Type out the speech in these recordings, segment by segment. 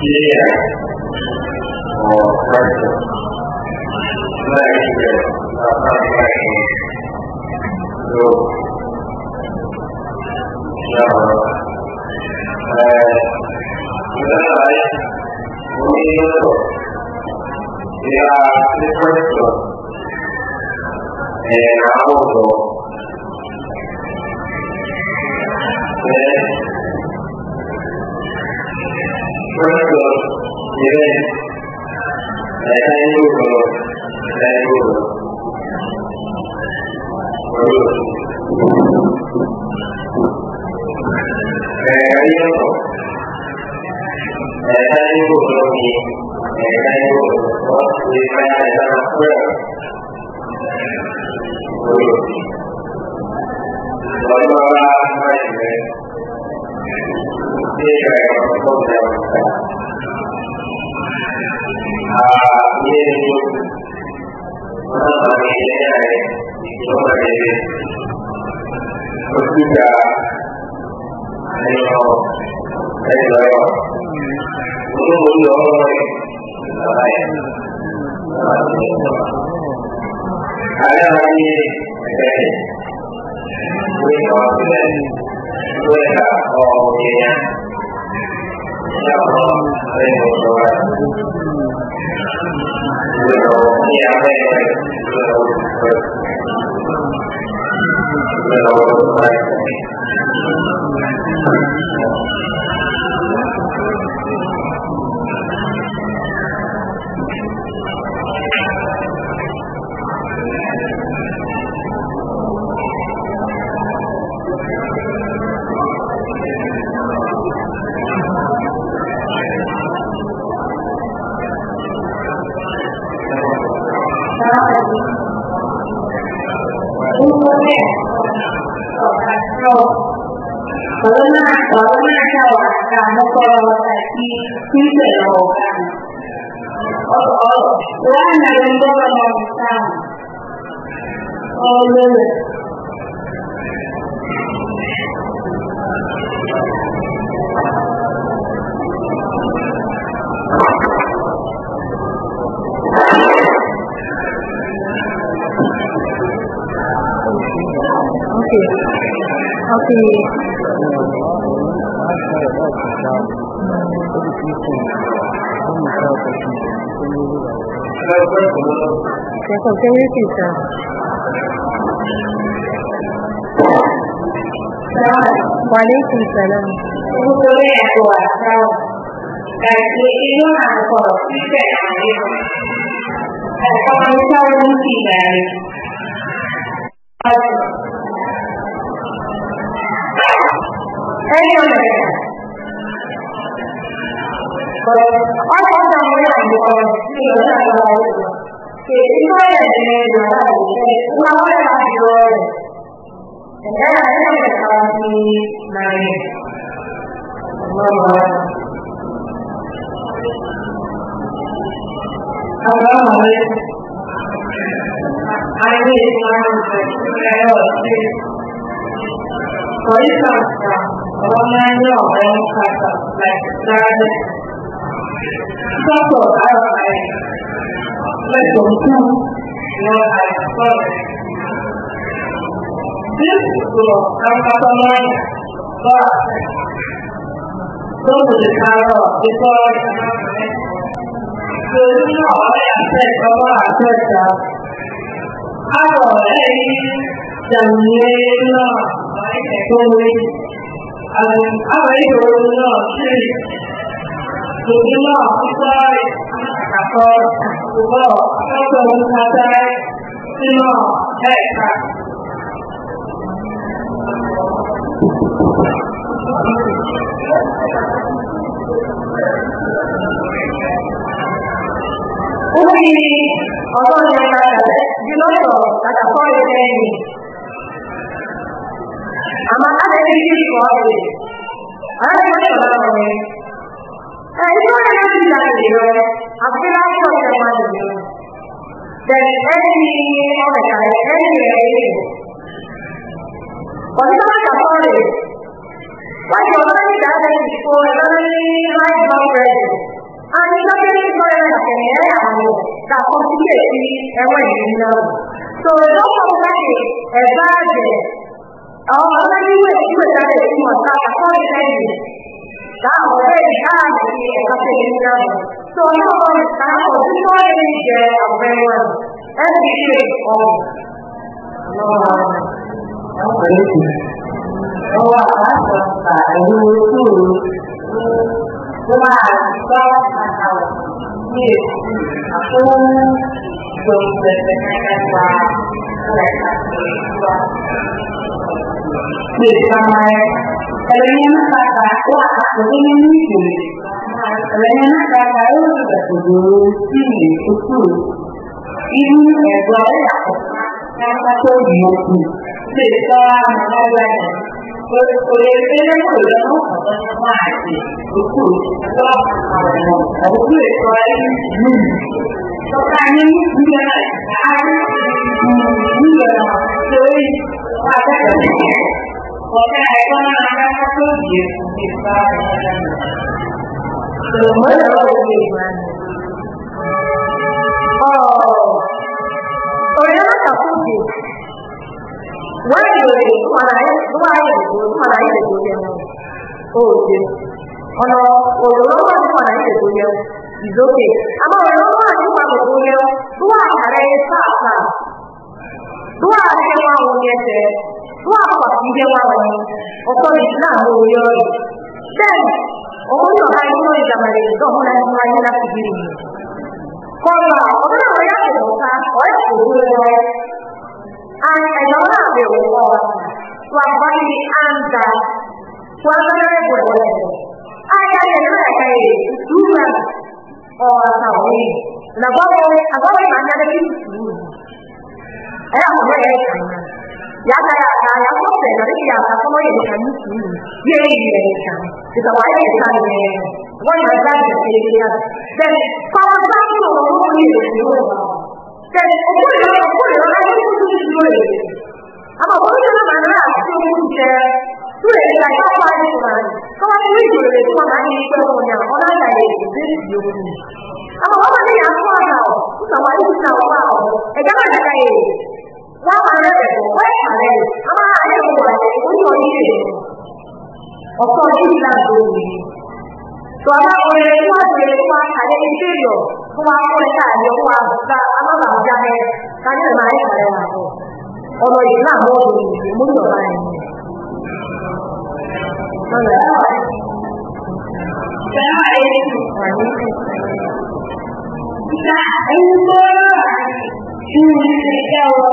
Yeah. Or oh, practice. different and also ကိုယ်ကအဲလိုအဲလိုဘုရားဘုရားအားရပါပြီဝိပါဒနဲ့ဝိကဟောရေယံရောရေဘောဝါဝိရောမြေအမေ Lord สี่เดี๋ยวผมจะไม่ติดจ้ะวันนี้ติดจ้ะนะคุณตัวแม่ตัวเราแต่คือที่เรื่องงานก่นที่จะทำเนี่ยแต่ตอนนี้เราไม่ติดแล้အဲဒီလိုလေဘာသာကြောင့်လဲဒီကောင်ဒီလိုဆက်လာလို့ဒီလိုရဲ့နေရာကိုနားလည်ပါပြီးတော့ဒါကလည်းအဲ့ဒီကောင်ကြီးနိုင်ဘာမှအဘမလေးအဲ့ဒီကောင်ကြီးကိုလည်းသိတယ်ဘယ်လိုလဲว่าแม่เลือกแรงขัดกับแรงได้ก็ตรวจอะไรไม่สมควรเราอาจจะยึดตัวทำกับตัวเองว่ต้องปฏิบัติต่อที่าัวคือที่เราไม่อยากเสอเพราะว่าเสกจะถ้าเราได้จังเลยนะไม่แต่ตัเองอะไรอะไรอดูเนาะที่ถูกเนาะที่ใช่ก็ถูกเนาะก็ตรงคาใจที่เนอะแค่ค่ะอุ้ยเอโตัวเองมาแต่ที่น้อยต่อแต่ก็ยังไง আমার কাছে বিশেষ করে আর এটা বলা হবে এইটা না কি লাগে আজকে রাত করে আমাদের that any of the time any age পরিবার কাপড়ে Why you already done that before, suddenly right now present. And you don't get it for a second, yeah, I know. That completely, and when you know. So don't come back as bad as အော်အဲ့ဒီဝေဒီဝေတာတဲ့ဒီမှာသာအဆောက်ရိုင်းနေဒါဟိုတဲ့ဒါဒီအပ်တဲ့ဒါဆိုတော့ဒါဟိုဒီလိုရင်းကျအပဲဝဲအဲ့ဒီရှိအောင်နော်ဟုတ်ကဲ့ဘောဟာသာအယူစုဒီမှာတော့အဆောက်ဒီအခုဆိုတဲ့ကိစ္စကလည်း quá Jadi sampai kalau nak kata wah aku ini mikir. Kalau nak kata oh sudah tujuh ini tujuh ini negara aku kata tu dia tu. Jadi kalau nak kata Kulit kita kulit tu katanya mati, tujuh. Kalau aku kulit lain, hmm. Sekarang ni dia, aku dia. giới và các cái này có cái này có nó làm ra các thứ gì thì ta từ mới là đâu gì mà ồ tôi đã nói là thứ gì quá nhiều gì qua đấy qua nhiều gì qua đấy là gì vậy ồ gì ồ nó ồ nó qua đi qua đấy là gì vậy is okay. Ama orang သူကအဲမှာဝင်ခဲ့တယ်သူကဘာဒီကမှာဝင်ဟောတော့ဒီနာကိုရောတဲ့ဟောတော့အိုင်းလို့ရမှာလေတော့ဟိုလည်းမိုင်းလာပြီကောလာဘာလို့ရရတယ်တော့ဟာဟောချူလို့အာအယောနာပဲဟောတာသူကဘာဒီအန်တာသူကလည်းပြောတယ်အာရရရခိုင်သူကဟောတာဝင်လာဘောအဘောမှန်တယ်ကိစ္စအဲ့ဒါကိုလည်းခံရရတာရတာရဖို့တယ်လို့ဒီကကဆုံးရဲ့ခံကြီးကြီးရေးရေးရေးခံဒီကဝိုင်းရေးခံနေဘောရတာတဲ့ပြေပြေရတယ်ကောင်းတာလို့လို့ရေးလို့တယ်အခုလည်းအခုလည်းအဲ့ဒီကိုသူပြောနေတယ်အမဘောရတာကလည်းအဆင်ပြေတယ်သူ့ရဲ့လိုက်ပါပါနေမှာကောင်းတဲ့လူတွေကတော့အရင်ကတော့ညာဟောလာတယ်ဒီလိုမျိုးအမဘောရတာကဘာလဲအခုကဝိုင်းရေးခံပါအောင်အဲ့ဒါလည်းကြိုက်ဝါပါရတဲ့ကိုဝဲပါတယ်အမအားရပါဘူးဘုရားကြီးတွေဘောပေါ်ကြီးလာလို့သွားတာကိုလည်းသွားတယ်သွားတာလည်းသိရောဘဝကိုလည်းတာရောဘဝကအမဘာကြတယ်ဒါနဲ့မာရီခေါ်ရတာကိုအော်လို့ရလာမို့ဒီမှုတော်တိုင်းဟုတ်လားဒါအဲ့ဒီကိုပါနေတယ်ဒါအဲ့ဒီကို父亲叫我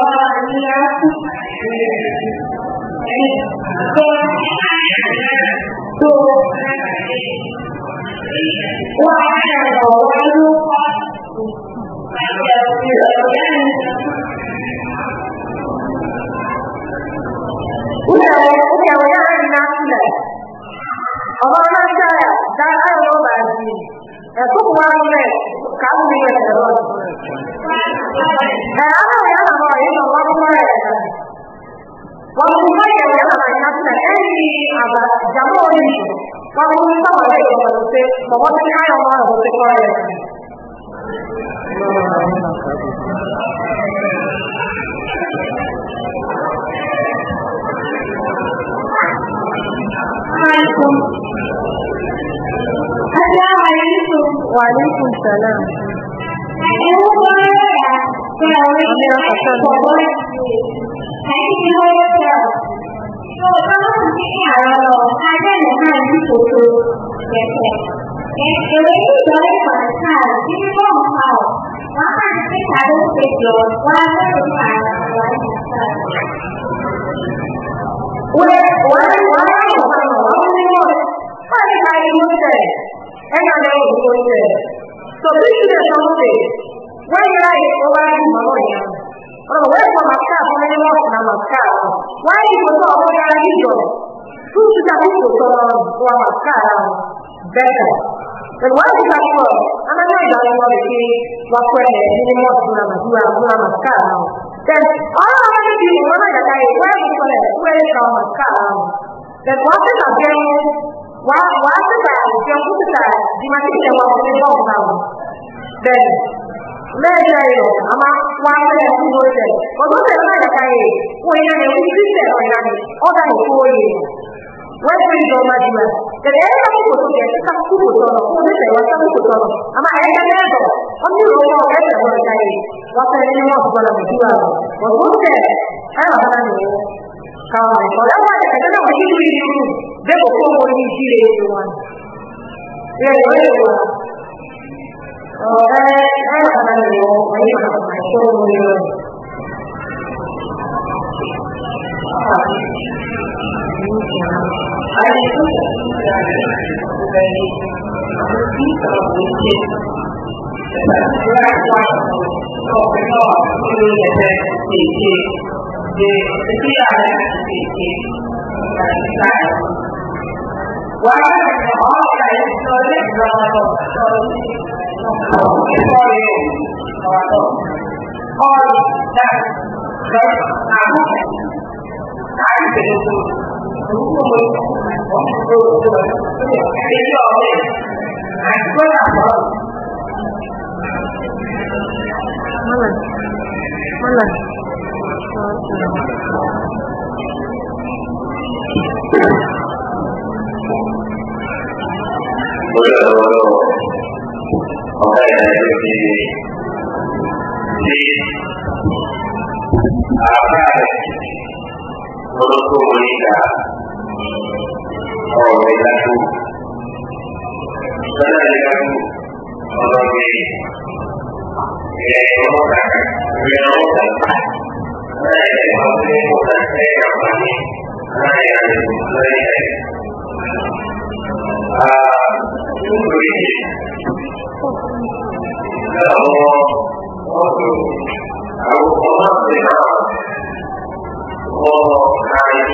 严守纪律，做共产主义接班人。สมมติไม่ให้ออกมาผมจะกลัวเลยให้คุณพระเจ้าอะไรที่สุดวารีคุณเสนาเอ้ยว่าแต่เราไม่ได้ขอโทษ better And why is that for? And I know that you want to see what we're doing more to our to our to our mascara. Then all I want to do is want to tell you where we call it, where is our mascara. Then what is that thing? What what is that? You put it that the material was the bomb now. Then မဲကြရတော့အမဝိုင်းတဲ့သူတို့ရဲ့ဘုရားရဲ့အတိုင်းကိုယ်ရည်ကိုသိတဲ့အိုင်ကနေအော်တိုင်းကိုရည် wọ́n ti rí ọmọ jù lọ. Tẹ̀lé ẹ̀rọ náà kò tó yẹ kíkà kú kò tọ̀nà kó ní tẹ̀wọ́ sábà kò tọ̀nà. Àmọ́ ẹ̀yẹ mẹ́tọ̀, wọ́n ti rò wọ́n ẹ̀sẹ̀ wọn ká yìí. Wọ́n fẹ́ ní wọ́n gbọ́dọ̀ bí jù lọ. Wọ́n tó tẹ̀ ẹ̀rọ náà nìyẹn. Káwọn ọ̀dọ́ wọn tẹ̀ 好，今天还有多少时间？现在是七点五十分。现在十点二十，到十点二十分，累计，累计，累计，累计，三。我还有几个好老师，作业交到教室，交到教室，交到教室，交到二三三。về nhân sự đúng của mình có một cơ hội cho mình có thể lý do gì hạnh phúc là hơn mỗi lần mỗi lần Bây giờ hôm nay là điều gì? တော်တော်ကိုလေးတာဟောရတာသူဆက်ရတာသူဟောတော်ကြီးရေတော်တာရေတော်တာအဲဘာလို့ဟောတာလဲကပါနေအဲရတယ်ဆိုရဲအာသူတို့ကြီးတော့ဟောတော့အခုဘာမှမသိတာဟော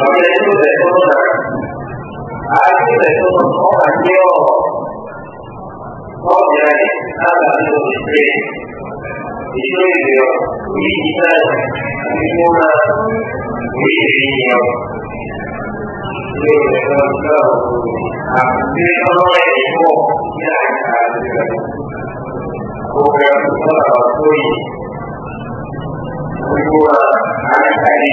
nói đến vấn đề không có rằng ai vấn đề không có có là nhiều có vậy ta là người gì thì chơi nhiều vì gì ta vì mua là vì gì nhiều vì người ta đâu à vì nó nói thì mua như là là người cô bé cũng là tôi mua là ai phải đi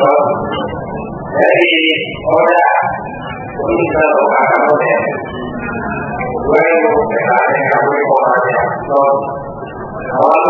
termasuk dari orang meninggal akan boleh dua ribu pesawat yang kami koordinasi awal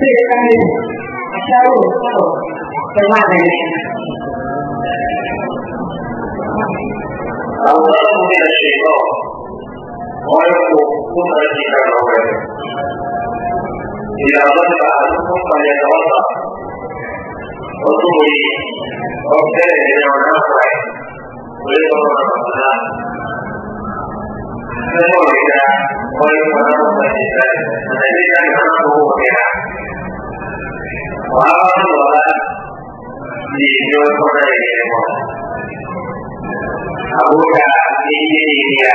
Thì ta đi Sao rồi Cái hoa này Allah'ın bir şeyi o. O yok bu tarafından olmalı. İlahi bağlılık olmalı da olsa. O tuğuyu o kere yine ona koy. Öyle olmalı bana. Sen o yüzden o yüzden bana olmalı. Sen o yüzden bana வாரம் வர நீ எங்கேயோ சொல்ற கேட்கும் அவங்க நீங்க நீங்க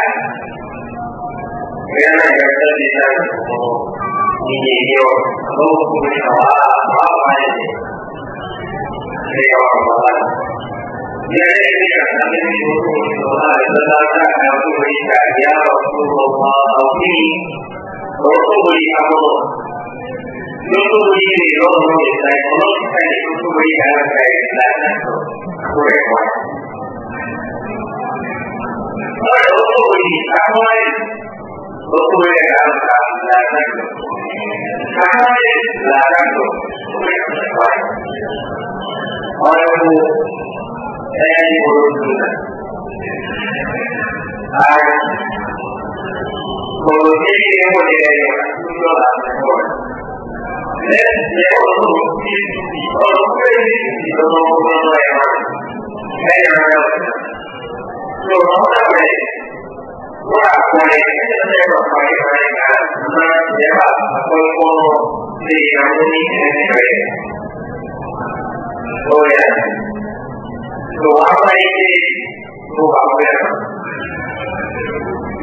வேலை இடத்துல நீங்க Luego viene el otro que está económica y luego viene a la plata por el cual. Ahora, luego viene Samuel, luego viene a la plata. Samuel, la plata, por el cual. Ahora, luego, el voluntad. Ahora, por lo que tenemos que hacer, no la mejor. လက်ရဲ့ဘုရားရှင်ဒီဘုရားရှင်ဒီဘုရားရှင်ရဲ့ဘုရားရှင်ရဲ့ဘုရားရှင်ဘာကိုလဲတဲ့ဘယ်လိုပါလဲကာမရေဘာကိုကိုဒီနမနိနေတယ်ဟောရဘောပါရီဘောပါပဲ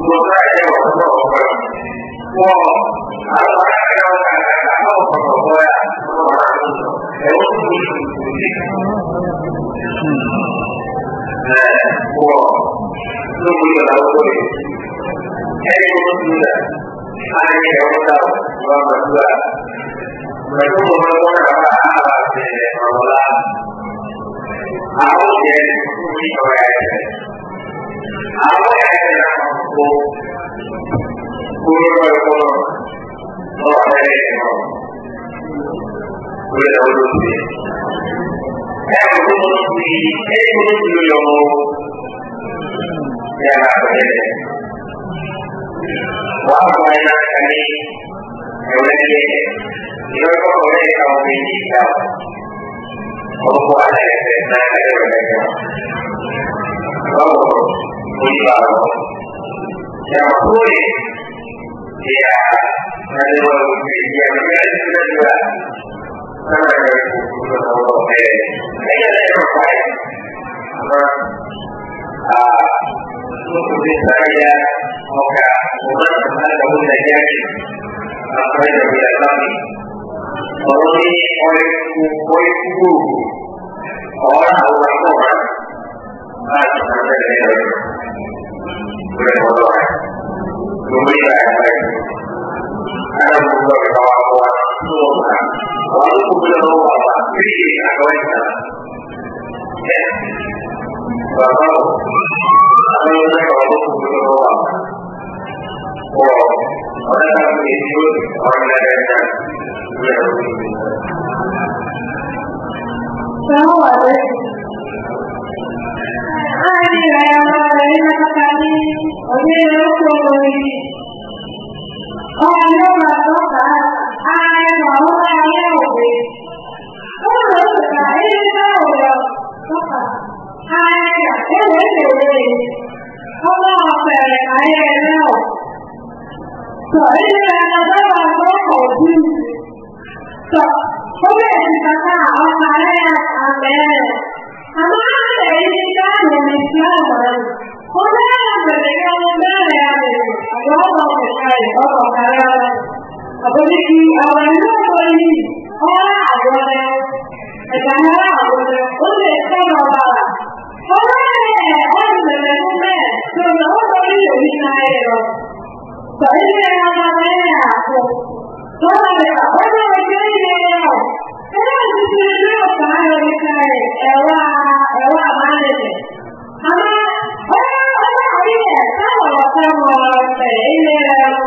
ဘောပါရောဘောပါဘောမယ်ဘုရားဘောရပါအားပါတယ်ဘောလားအားရဲ့ဒီတော့ရတယ်အားရဲ့ကိုကိုယ်တော်ကိုဘောရတယ်ဘုရားတို့ဒီအဲ့ဘုရားဒီအဲ့ဘုရားဒီလိုရောရာပါတယ်ဘာမှမနိုင်တဲ့အနေနဲ့ nếu có một cái cầu thì chỉ đâu không có ai này để mang cái điều này đâu có một quý vợ nhà mà vui thì à là điều thì giờ mình cái đến đây là nó là cái đồ về cái này là không phải mà vâng. à lúc chúng ta ra một cả một lần chúng ta đã có thời gian và bây giờ là bao nhiêu Kalau ini oleh oleh kubu orang orang orang masih ada dari orang boleh orang memberi orang ada bukan kawan kawan semua orang kubu orang pilih atau yang ya kalau kalau saya kalau kubu orang orang orang yang orang yang ဆောပါတဲ့အာဒီရာမလေးမကတာဒီအမေရောကိုကိုကြီးအော်လောကတော့ကအာရောဘာရောပဲဘုရားကလည်းရောတော့ဆောပါအာရောကိုလည်းကိုကြီးဘုရားကလည်းအာရောဆိုရင်ကတော့ဘာလို့ကိုကြီး So, come si passa a fare a bene? Ma non è esitato nel piano, come è la preghiera bene a bene? Allora, che fai? Allora, carare. A quelli che avranno quelli, ora allora, e cannerà allora, dove sono va? Come è? Oggi è come? Sono ora io in aereo. Sapete che non va bene a poco? Dove va? Dove Amen.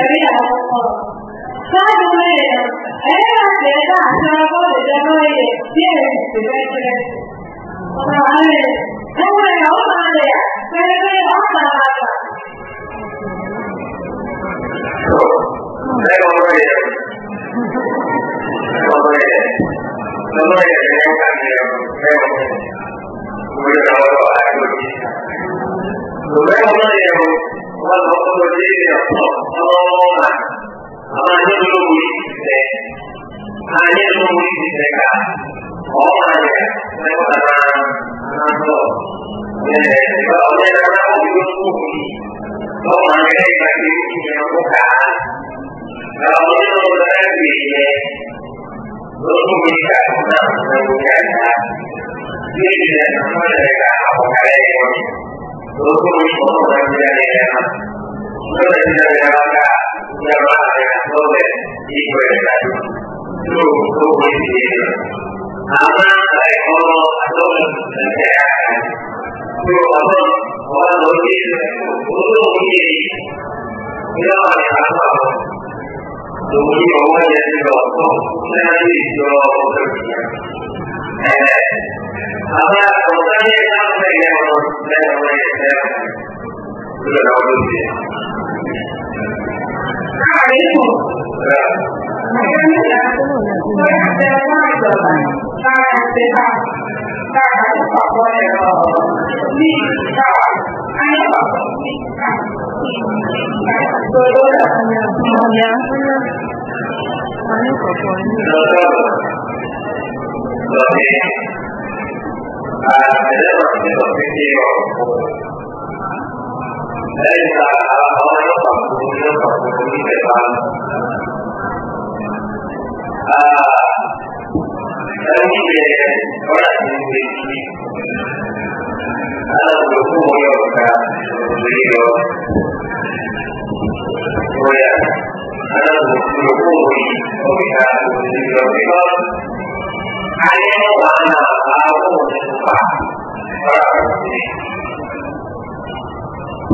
ပြီးတာပေါ့။စားကြည့်ရတယ်။အဲ့ဒါကျေကအစာကိုကျွန်တော်ရဲ့ပြည့်တယ်ဒီပဲကျတယ်။ဘာသာလဲ။ဘယ်လိုလဲဟောတာလဲ။ဘယ်လိုလဲဟောတာလဲ။ဘယ်လိုလဲ။ဘာသာလဲ။ဘာသာလဲ။ဘယ်လိုလဲ။ဘယ်လိုလဲ။ဘုရားတော်အားလုံးဘုရားတော်ရဲ့ဘုရားကိုယ်ကြီးတော့ဘောမှာအမှန်တရားကိုသိတယ်။အားရမှုသိတဲ့ကဘောမှာလည်းဘယ်မှာမှမဟုတ်ဘူး။အဲဒီတော့လည်းကတော့ဒီလိုမျိုးဘောမှာလည်းပတ်ပြီးကျွန်တော်ကဒါမျိုးလိုတဲ့ဒီလေဘုရားမိတ်ကနာမည်ကိုကြားတာဒီလေနာမည်ကအပေါ်ကလေးကိုဘုရားမိတ်ကိုပေါ်ရတယ် lokacin da ya maka ya ba a da dole yi ko ya ta yi to ko ko yi ne amma sai ko a dole da ya ta yi to abin wanda ne ko ko ne ya ba ya ta ba to ni ba wani ya ce ba ko na yi to ko ta yi amma ko sai ya ta yi ya ba ya ta là đau đớn gì hai đến một là cái nhất là tôi hạt ra hai giờ ta hạt tế bào ta hạt tế bào qua này là đi ta hạt hai bào tôi đó là nhớ nhớ rồi dạ, thì dạ. dạ, à thế là cái phần cái kia ليس على طريقة كلية كلية Thank you.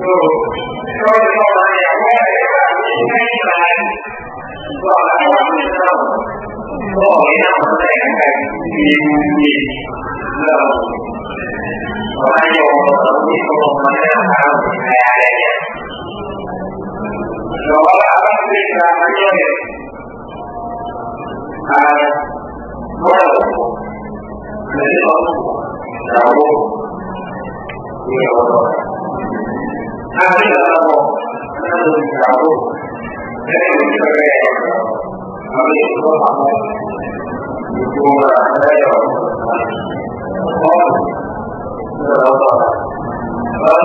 rồi rồi sau đó nhà qua để bạn đi ngay lại và lại làm như nào có nghĩa là mình sẽ càng nhìn nhìn lâu và ai dù mình tự nhiên của mình mình sẽ làm ngày ai đấy đó là bác sĩ làm bao nhiêu việc à quá đủ lĩnh vực đầu nhiều rồi أعطينا الأمر نحن نتعرض لكن كيف عليه الصلاة يكون لا يرى قال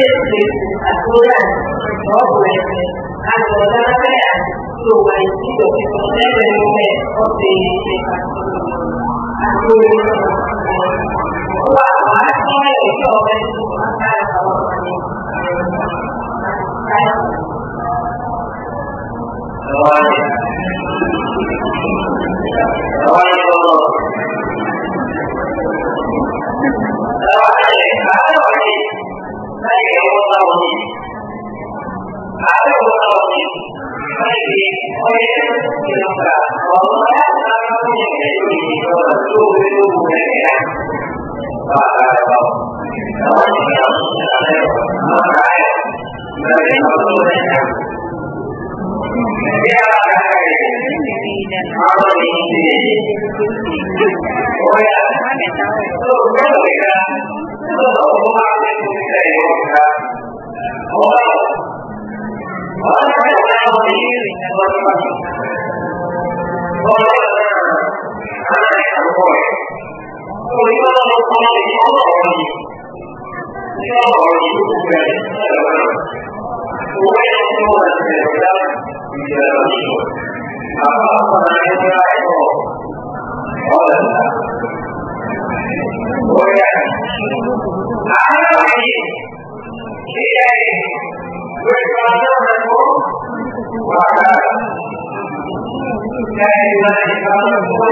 Entonces, acudan no Và cái bộ đầu thì Thay vì có lẽ thì nó cả có lẽ là nó không nhận thấy gì thì nó là tu với tu của cái này Và là đó Đó là những điều là đây Nó là ai Nó là nó tu với cái này Yeah, All you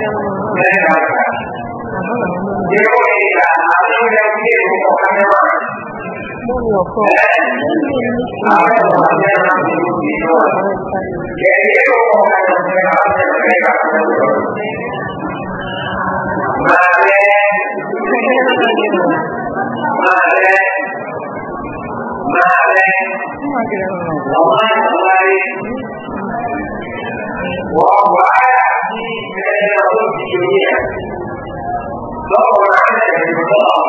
မဲတာဒီလိုနေတာအလုပ်လုပ်နေကိုပေါ်လာတယ်ဘုရားကိုအာရုံနဲ့ဒီလိုကျေကိုပေါ်လာတယ်ဒါကမာလေမာလေမာလေဘောမာလေဘောမာ الجميع ضرب عنك بالمطاعة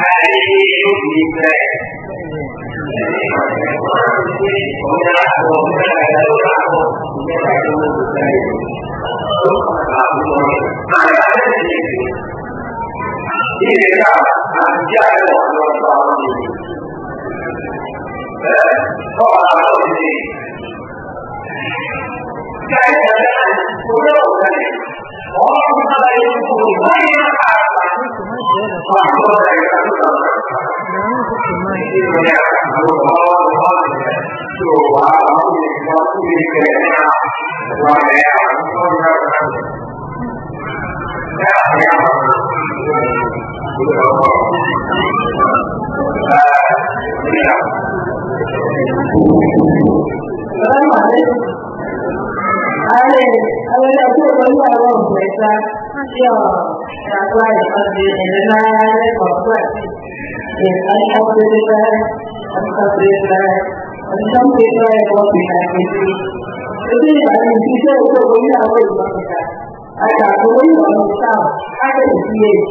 hai chút nhịp này cũng đã buồn cái này đâu đã buồn cái này đâu được đây đúng là buồn mà đã rất nhiều chuyện chỉ để là làm giải bỏ lo sợ gì có làm được gì cái thời gian của nó này có không ta đây cùng với nó là bạn và tôi รู้สึกถึงมันตัวว่าเราเป็นคนที่เกิดมาวันแล้วก็ देखना है अंशम देखना है बहुत देखना है इसलिए कारण टीचर को कोई ना कोई बनता है अच्छा तो वही बनता अगर इसलिए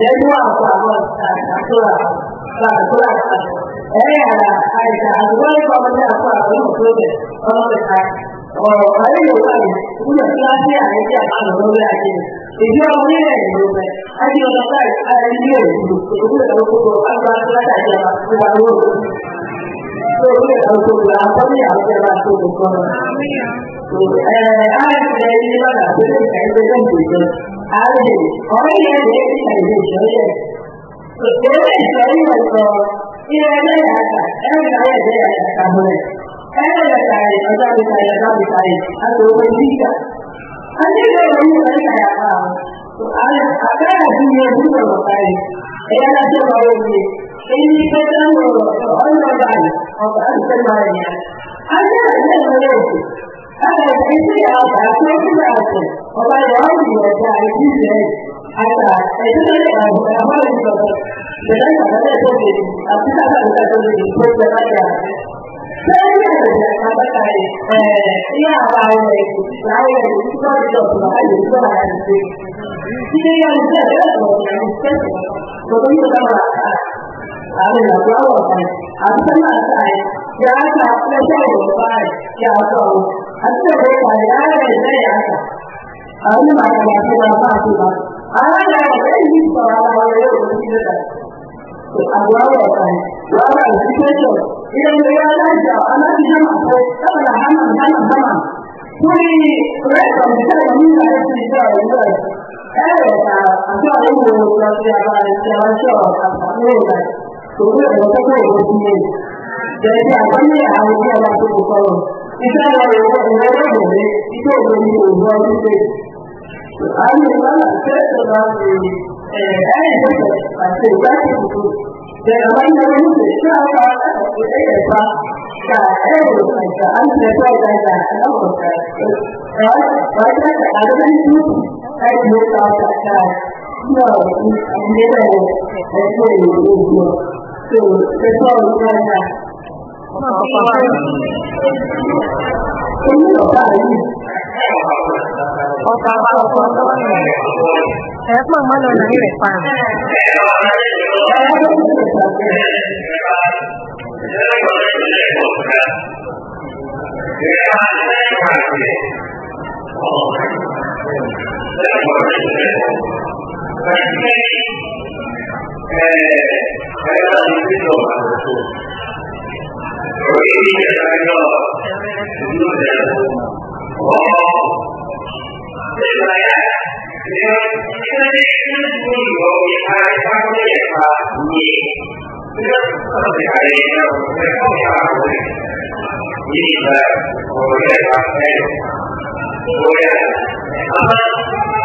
जैसे आप आप थोड़ा थोड़ा थोड़ा अरे ऐसा अगले को बंदे आपको आपको मतलब है और देखा और अरे ये होता है पूरा क्लास में आने के बाद हो गया कि इधर आने रहे लोग हैं अरे ये होता है अरे ये लोग को हर बात लगा दिया बात को ဆိုပြီးတော့သူကအားလုံးရဲ့အကြံအဆိုကိုပြောတာ။သူအဲအားလည်းဒီမှာကသူကအဲ့ဒီလိုပြောတယ်။အားလည်းဘာလဲဒီလိုပြောတယ်။ဆိုတော့ဒီလိုဆိုရင်တော့ဒီရတဲ့အားကအဲ့ဒါလည်းဒီရတဲ့အားကမဟုတ်ဘူး။အဲ့ဒါလည်းဆိုင်အကြောင်းဆိုင်အကြောင်းဆိုင်အဲ့လိုပဲရှိတာ။အဲ့ဒီလိုမျိုးပဲဆိုင်ရပါဘူး။သူအားလည်းအားကဒီလိုမျိုးပြောတာပဲ။အဲ့ဒါလည်းပြောလို့ဒီဒီကိစ္စကတော့ဘာလို့လဲဟုတ်ကဲ့အဲ့ဒါပြန်ပါရမယ်အဲ့ဒါလည်းလည်းမလို့အဲ့ဒါသိစရာဘာသိစရာလဲဘာလဲရောင်းပြီးတော့ကြာရည်ကြီးတယ်အဲ့ဒါအဲ့ဒါလည်းဘာလဲဘာလဲဆိုတော့ဒါလည်းဘာလဲဆိုပြီးအခုသာကတော့ဒီပုံစံပါကြတယ်ဆယ်ရည်ကဘာပဲအဲတရားပါဝင်တယ်ဒါလည်းဒီလိုတော့ဘာလဲဒီလိုပါလဲဒီနေရာကိုဆက်ရအောင်ဆက်တယ်ဘယ်လိုလဲအဲ့ဒါကြောင့်ဘာလို့လဲအဲ့ဒါကဆိုင်ရာသာလက်ရှိကိုပါတယ်ကြောက်တော့အဲ့ဒါကိုအားရတဲ့ရာသာအဲ့ဒီမှာကျွန်တော်ပြောတာပါပါအားရတဲ့ဒီပေါ်လာတာလည်းကိုသိရတယ်အဘွားတော်ကဘာသာသိတဲ့ကျောင်းဒီလိုမျိုးလာကြအမှန်တရားမှာပေါ်တာကဟာမှန်မှန်မှန်ကိုယ်ရက်ကောင်ဒီလိုမျိုးလာတဲ့ကျောင်းတွေအဲ့ဒါကအကြောင်းကိုပြောပြပါတယ်ကျောင်းချောတာပါလို့ Domin da wata kawai wasu ne. Da yake a kan yi a wajen yana so ku kawo. Ita da wani wani wani gobe, ita da wani gobe Eh, an yi wani a ce za su fito. Daga wani da wani ce, shi a kawo da ku ɗaya da fa. Ka ɗaya da wani ka an ce ta da da al'amuran ka. Ba ta da al'amuran su. Ai, ne So, that's all we can have. Ọ̀pá bá ọkọ̀ ọ̀sán ẹ̀ pọ̀ mọ́ lọ́nà ìrẹ̀ pa. Thank you. အဲဘာသာရေးတော့ပါဘူး။ဘယ်လိုလဲဆိုတော့ဒီလိုတယ်။ဟောဒီမှာဒီမှာဒီမှာဒီလိုမျိုးအားသာကိုရပါဘူး။ဒီလိုအားရတဲ့ကောင်းရပါဘူး။ဒီလိုဟောရပါတယ်။ဟောရအမှန်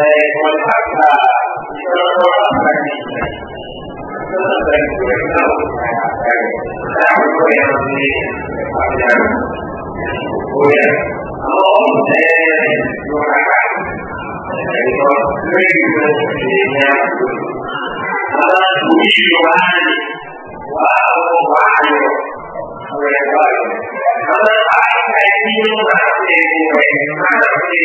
về nguồn pháp là cho nó là thành tức là thành quyền đầu thành đạo quyền gì pháp nhân quyền không thể vô hạn để cho linh hồn đi nhau đó là chủ yếu của ai và không có ai người đời đó là phải thay nhau làm gì người làm gì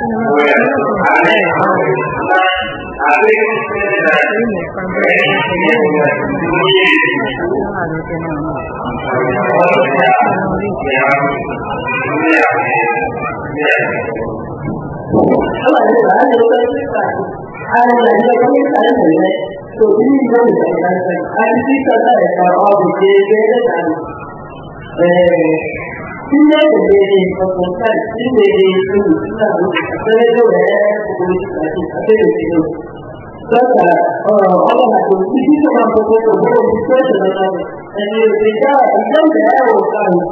quyền hạ lệ hạ lệ để nhiều người vui các bạn đã nói được cái chuyện này ai là người có những cái gì đấy tôi cũng như có những cái này anh biết cái này là họ bị chế chế đấy là ဒီနေ့ဒီနေ့ပုံပုံစံဒီနေ့ဒီနေ့သူကအဲဒါလိုပဲပုံစံတစ်ခုတစ်ခုတစ်ခုဆက်တာအော်ဘာလဲဒီဒီကမှာပုံပုံကိုဘယ်လိုဆက်ရမလဲအဲဒီဒီကအကြောင်းတရားကိုစာလို့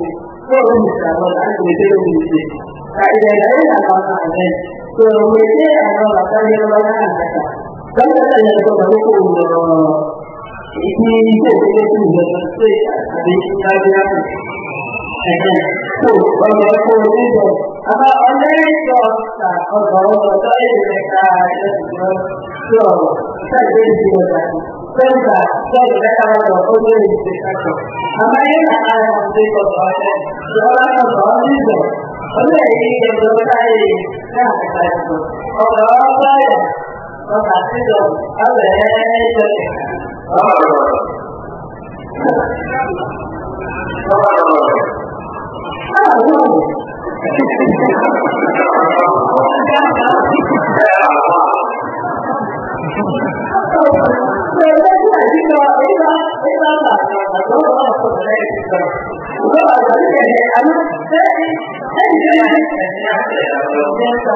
ပြောလို့စာတော့အဲ့ဒီလိုမျိုးဖြစ်တယ်အဲဒီလည်းအကောင်းဆုံးပဲကိုယ်ဝင်တဲ့အရောကတရားလောကနဲ့ဆက်တာဆက်တဲ့လည်းတော့ဘာလို့ကိုယ်ဝင်တော့ဒီဒီကိုယ်ဝင်တဲ့သူကစိတ်အရင်းအရာတွေအဲဒါကိုဘာလို့ကိုယ်ကိုအမအလေးတော့တာတော့တော့တဲ့နေတာတဲ့ဆိုတော့စိတ်ရင်းနေတာပြန်တာစိတ်နဲ့ကတော့ပုံရိပ်စိတ်ကတော့အမရဲ့အားလုံးစိတ်ကိုပါတယ်ဆိုတော့ဘာလို့လဲဘယ်လိုလဲဒီလိုတိုင်းနားတယ်ဆိုတော့ဘာလဲတော့တာစိတ်တော့အဲ့ဒါရဲ့စိတ်ဟုတ်ပါဘူးဟုတ်ပါဘူးအဲ့ဒါဘူးအဲ့ဒါ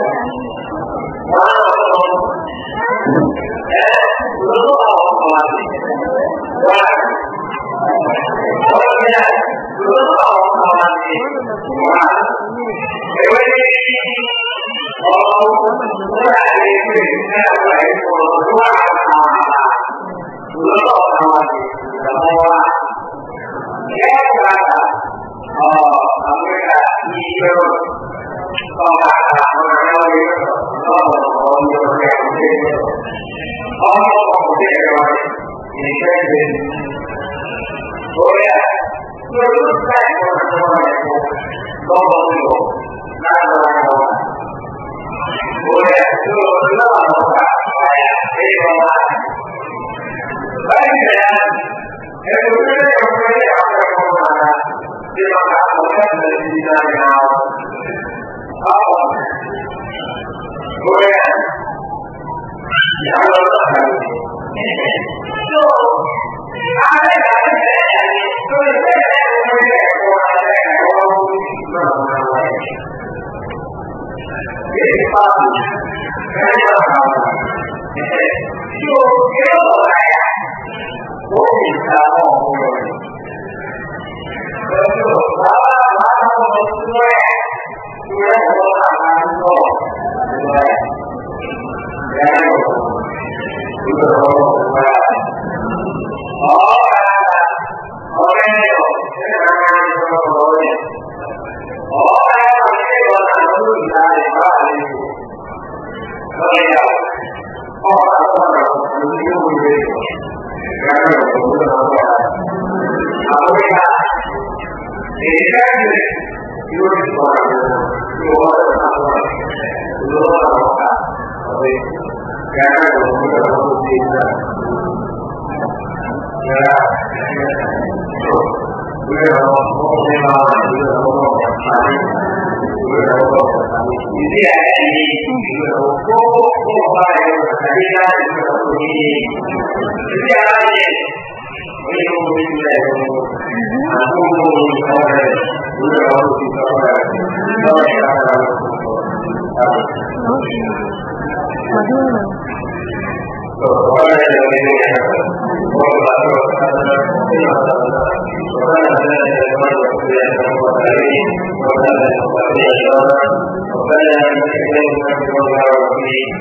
قولي إن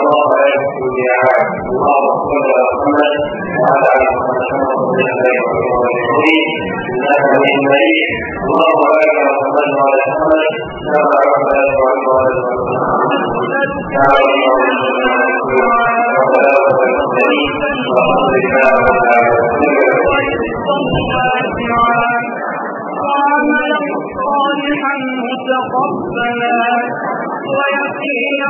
الله لا يحب الدعاء اللهم صل على محمد وعلى آل محمد كما صليت على إبراهيم إنك حميد مجيد اللهم بارك على محمد وعلى محمد كما باركت على إبراهيم وعلى آل محمد يا رب وعملا صالحا متقبلا وعينا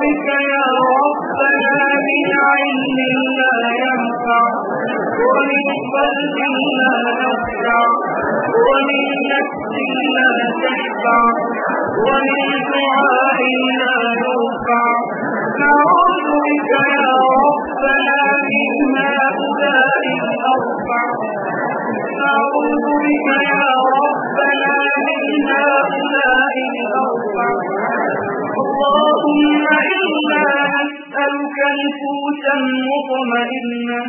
بك يا ربنا من علم لا ينفع ومن قلب لا نخشع ومن نفس لا تشفع ومن دعاء لا نرجع اللهم إنا نسألك نفوسا مطمئنة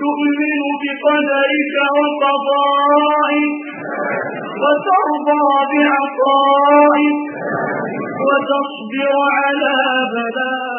تؤمن بقدرك وقضائك وترضى بعطائك وتصبر على بلائك